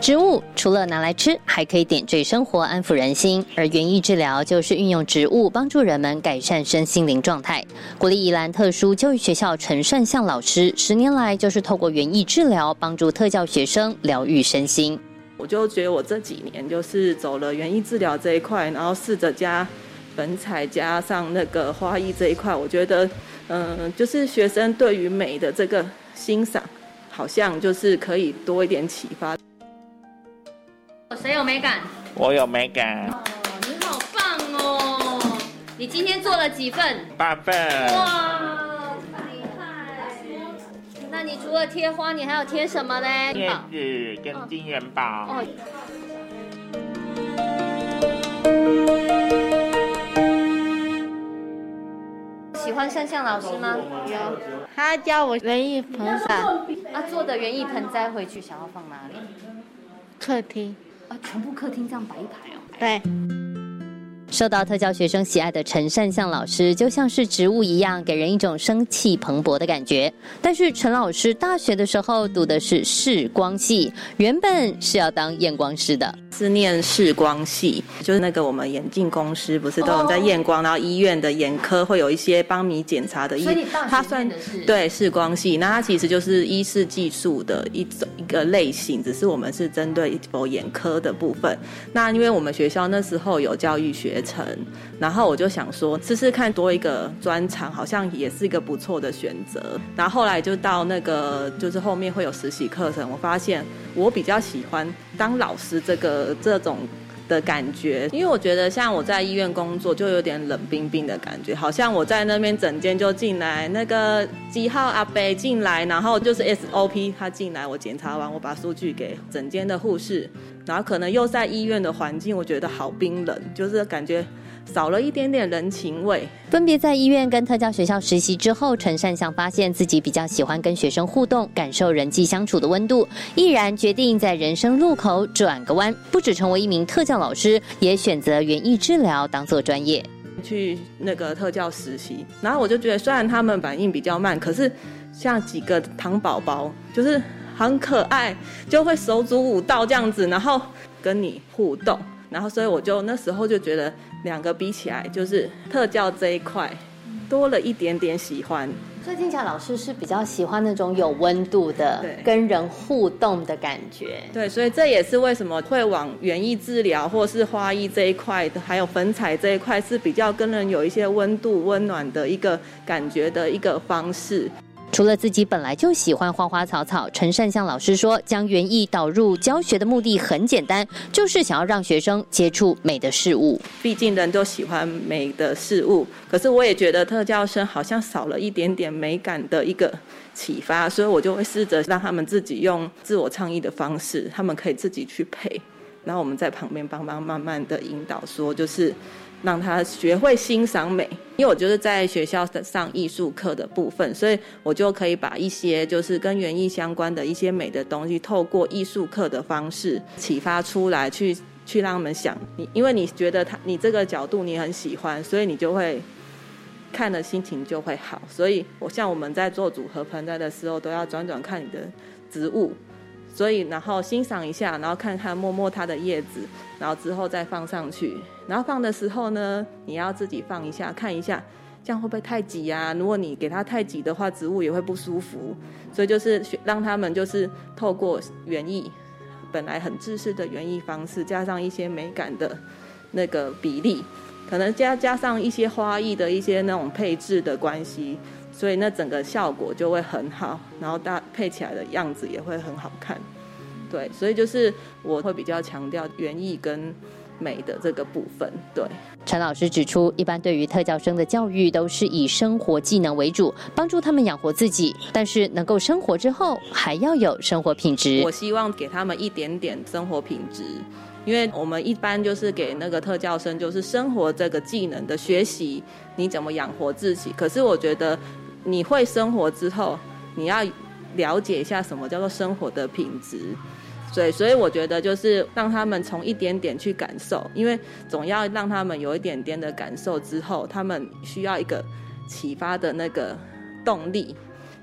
植物除了拿來吃，還可以點綴生活、安撫人心。而園藝治療就是運用植物幫助人們改善身心靈狀態。國立宜蘭特殊教育學校陳鄯向老師，十年來就是透過園藝治療幫助特教學生療癒身心。我就覺得我這幾年就是走了園藝治療這一塊，然後試着加粉彩加上那個花藝這一塊。我覺得，嗯、呃，就是學生對於美的這個欣賞，好像就是可以多一點啟發。沒有美感，我有美感，哦。你好棒哦！你今天做了幾份？八份。哇，厲害！那你除了貼花，你還有貼什麼呢？葉子跟金元寶。哦哦哦，喜歡鄯向老師嗎？有，嗯。他教我園藝盆栽。那，啊，做的園藝盆栽回去想要放哪裡？客廳。啊！全部客廳這樣擺一排哦、啊。對，受到特教學生喜愛的陳鄯向老師，就像是植物一樣，給人一種生氣蓬勃的感覺。但是陳老師大學的時候讀的是視光系，原本是要當驗光師的。是念視光系，就是那個我們眼鏡公司不是都有在驗光，oh. 然後醫院的眼科會有一些幫你檢查的醫，它算的是，對，視光系。那它其實就是醫事技術的一種一個類型，只是我們是針對眼科的部分。那因為我們學校那時候有教育學程，然後我就想說試試看多一個專長，好像也是一個不錯的選擇。然後後來就到那個就是後面會有實習課程，我發現我比較喜歡當老師這個。有這種的感覺，因為我覺得像我在醫院工作，就有點冷冰冰的感覺，好像我在那邊整間，就進來那個幾號阿伯進來，然後就是 SOP 他進來，我檢查完，我把數據給整間的護士，然後可能又在醫院的環境，我覺得好冰冷，就是感覺。少了一點點人情味。分別在醫院跟特教學校實習之後，陳鄯向發現自己比較喜歡跟學生互動，感受人際相處的溫度，毅然決定在人生路口轉個彎，不只成為一名特教老師，也選擇園藝治療當做專業。去那個特教實習，然後我就覺得，雖然他們反應比較慢，可是像幾個糖寶寶，就是很可愛，就會手足舞蹈這樣子，然後跟你互動。然後，所以我就那時候就覺得，兩個比起來，就是特教這一塊，多了一點點喜歡。所以金霞老師是比較喜歡那種有溫度的，跟人互動的感覺。對，所以這也是為什麼會往園藝治療或是花藝這一塊，還有粉彩這一塊是比較跟人有一些溫度、溫暖的一個感覺的一個方式。除了自己本來就喜歡花花草草，陳鄯向老師說，將園藝導入教學的目的很簡單，就是想要讓學生接觸美的事物。畢竟人都喜歡美的事物，可是我也覺得特教生好像少了一點點美感的一個啟發，所以我就會試着讓他們自己用自我創意的方式，他們可以自己去配，然後我們在旁邊幫忙慢慢的引導說，說就是讓他學會欣賞美。因為我就是在學校上藝術課的部分，所以我就可以把一些就是跟園藝相關的一些美的東西，透過藝術課的方式啟發出來去，去去讓他們想你。因為你覺得他你這個角度你很喜歡，所以你就會看了心情就會好。所以我像我們在做組合盆栽的時候，都要轉轉看你的植物。所以，然後欣賞一下，然後看看，摸摸它的葉子，然後之後再放上去。然後放的時候呢，你要自己放一下，看一下，這樣會不會太擠呀、啊？如果你給它太擠的話，植物也會不舒服。所以就是讓他們就是透過園藝，本來很制式的園藝方式，加上一些美感的那個比例，可能加加上一些花藝的一些那種配置的關係。所以那整個效果就會很好，然後搭配起來的樣子也會很好看，對。所以就是我會比較強調園藝跟美的這個部分，對。陳老師指出，一般對於特教生的教育都是以生活技能為主，幫助他們養活自己，但是能夠生活之後還要有生活品質。我希望給他們一點點生活品質，因為我們一般就是給那個特教生就是生活這個技能的學習，你怎麼養活自己？可是我覺得。你會生活之後，你要了解一下什麼叫做生活的品質，所以，所以我覺得就是讓他們從一點點去感受，因為總要讓他們有一點點的感受之後，他們需要一個啟發的那個動力，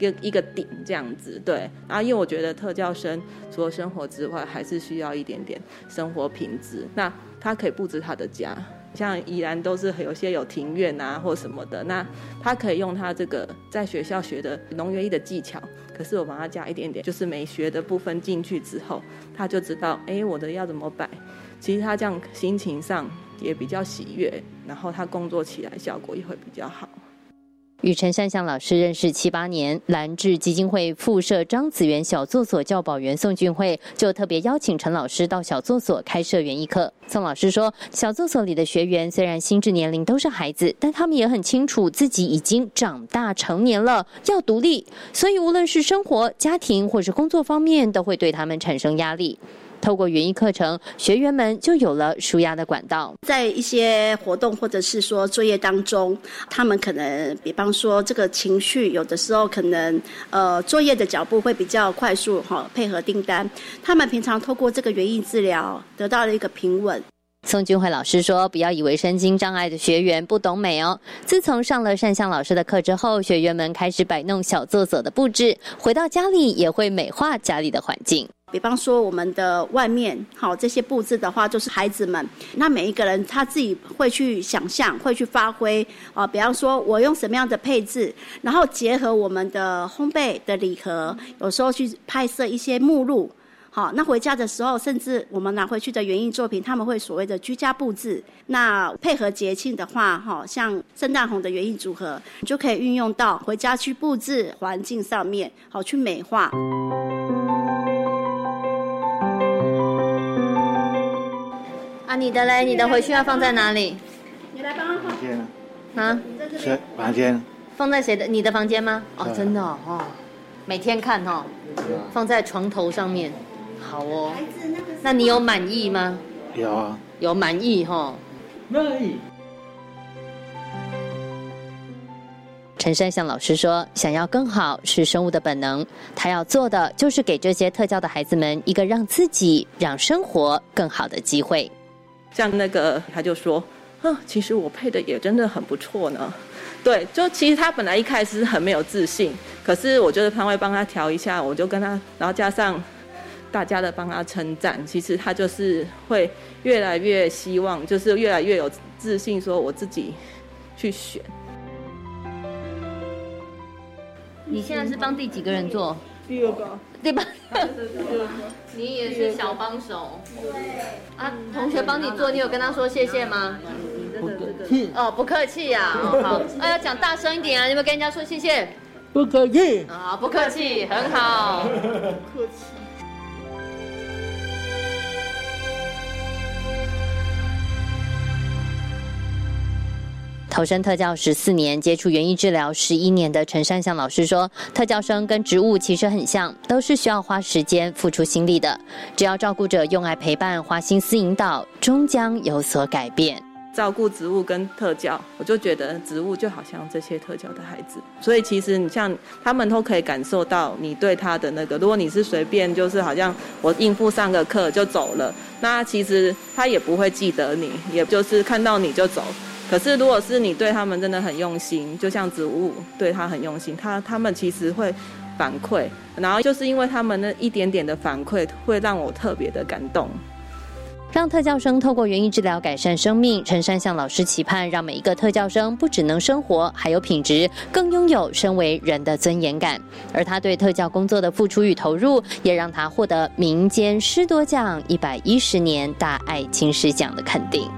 一個一個頂這樣子，對，啊，因為我覺得特教生除了生活之外，還是需要一點點生活品質，那他可以佈置他的家。像宜蘭都是有些有庭院啊或什麼的，那他可以用他這個在學校學的農園藝的技巧，可是我把它加一點點就是美學，的部分進去之後，他就知道哎、欸、我的要怎麼擺。其實他這樣心情上也比較喜悅，然後他工作起來效果也會比較好。與陳鄯向老師認識七八年，蘭智基金會附設張子元小作所教保員宋俊慧，就特別邀請陳老師到小作所開設園藝課。宋老師說：“小作所裡的學員雖然心智年齡都是孩子，但他們也很清楚自己已經長大成年了，要獨立，所以無論是生活、家庭或是工作方面，都會對他們產生壓力。”透過園藝課程，學員們就有了舒壓的管道。在一些活動或者是說作業當中，他們可能，比方說這個情緒，有的時候可能，呃，作業的腳步會比較快速，哈、哦，配合訂單。他們平常透過這個園藝治療，得到了一個平穩。宋俊慧老師說：“不要以為身心障礙的學員不懂美哦。”自從上了鄯向老師的課之後，學員們開始擺弄小作所的布置，回到家裡也會美化家裡的環境。比方說，我們的外面好這些布置的話，就是孩子們。那每一個人他自己會去想象，會去發揮啊。比方說，我用什麼樣的配置，然後結合我們的烘焙的禮盒，有時候去拍攝一些目錄。好，那回家的時候，甚至我們拿回去的園藝作品，他們會所謂的居家布置。那配合節慶的話，好像聖誕紅的園藝組合，你就可以運用到回家去布置環境上面，好去美化。啊，你的嘞？你的回去要放在哪裡？你來幫放。房間。啊？你在這房間。放在誰的？你的房間嗎？啊、哦，真的哦，哦每天看哦、啊。放在床頭上面。好哦。孩子那個。那你有滿意嗎？有啊。有滿意哈、哦。滿意。陳鄯向老師說：“想要更好是生物的本能，他要做的就是給這些特教的孩子們一個讓自己、讓生活更好的機會。”像那個，他就說：“啊，其實我配的也真的很不錯呢。”對，就其實他本來一開始很沒有自信，可是我覺得他會幫他調一下，我就跟他，然後加上大家的幫他稱讚，其實他就是會越來越希望，就是越來越有自信，說我自己去選。你現在是幫第幾個人做？第二個，對吧？第二個你也是小幫手。對。啊，同學幫你做，你有跟他說謝謝嗎？不客氣。哦，不客氣呀、啊哦。好，那、啊、要講大聲一點啊！你有沒有跟人家說謝謝？不客氣。啊、哦，不客氣，很好。不客氣。投身特教十四年，接觸園藝治療十一年的陳鄯向老師說：“特教生跟植物其實很像，都是需要花時間、付出心力的。只要照顧者用愛陪伴，花心思引導，終將有所改變。照顧植物跟特教，我就覺得植物就好像這些特教的孩子，所以其實你像他們都可以感受到你對他的那個。如果你是隨便就是好像我應付上個課就走了，那其實他也不會記得你，也就是看到你就走。”可是，如果是你對他們真的很用心，就像植物對他很用心，他他們其實會反饋，然後就是因為他們那一點點的反饋，會讓我特別的感動。讓特教生透過園藝治療改善生命，陳鄯向老師期盼，讓每一個特教生不只能生活，還有品質，更擁有身為人的尊嚴感。而他對特教工作的付出與投入，也讓他獲得民間師鐸獎、一百一十年大愛菁師獎的肯定。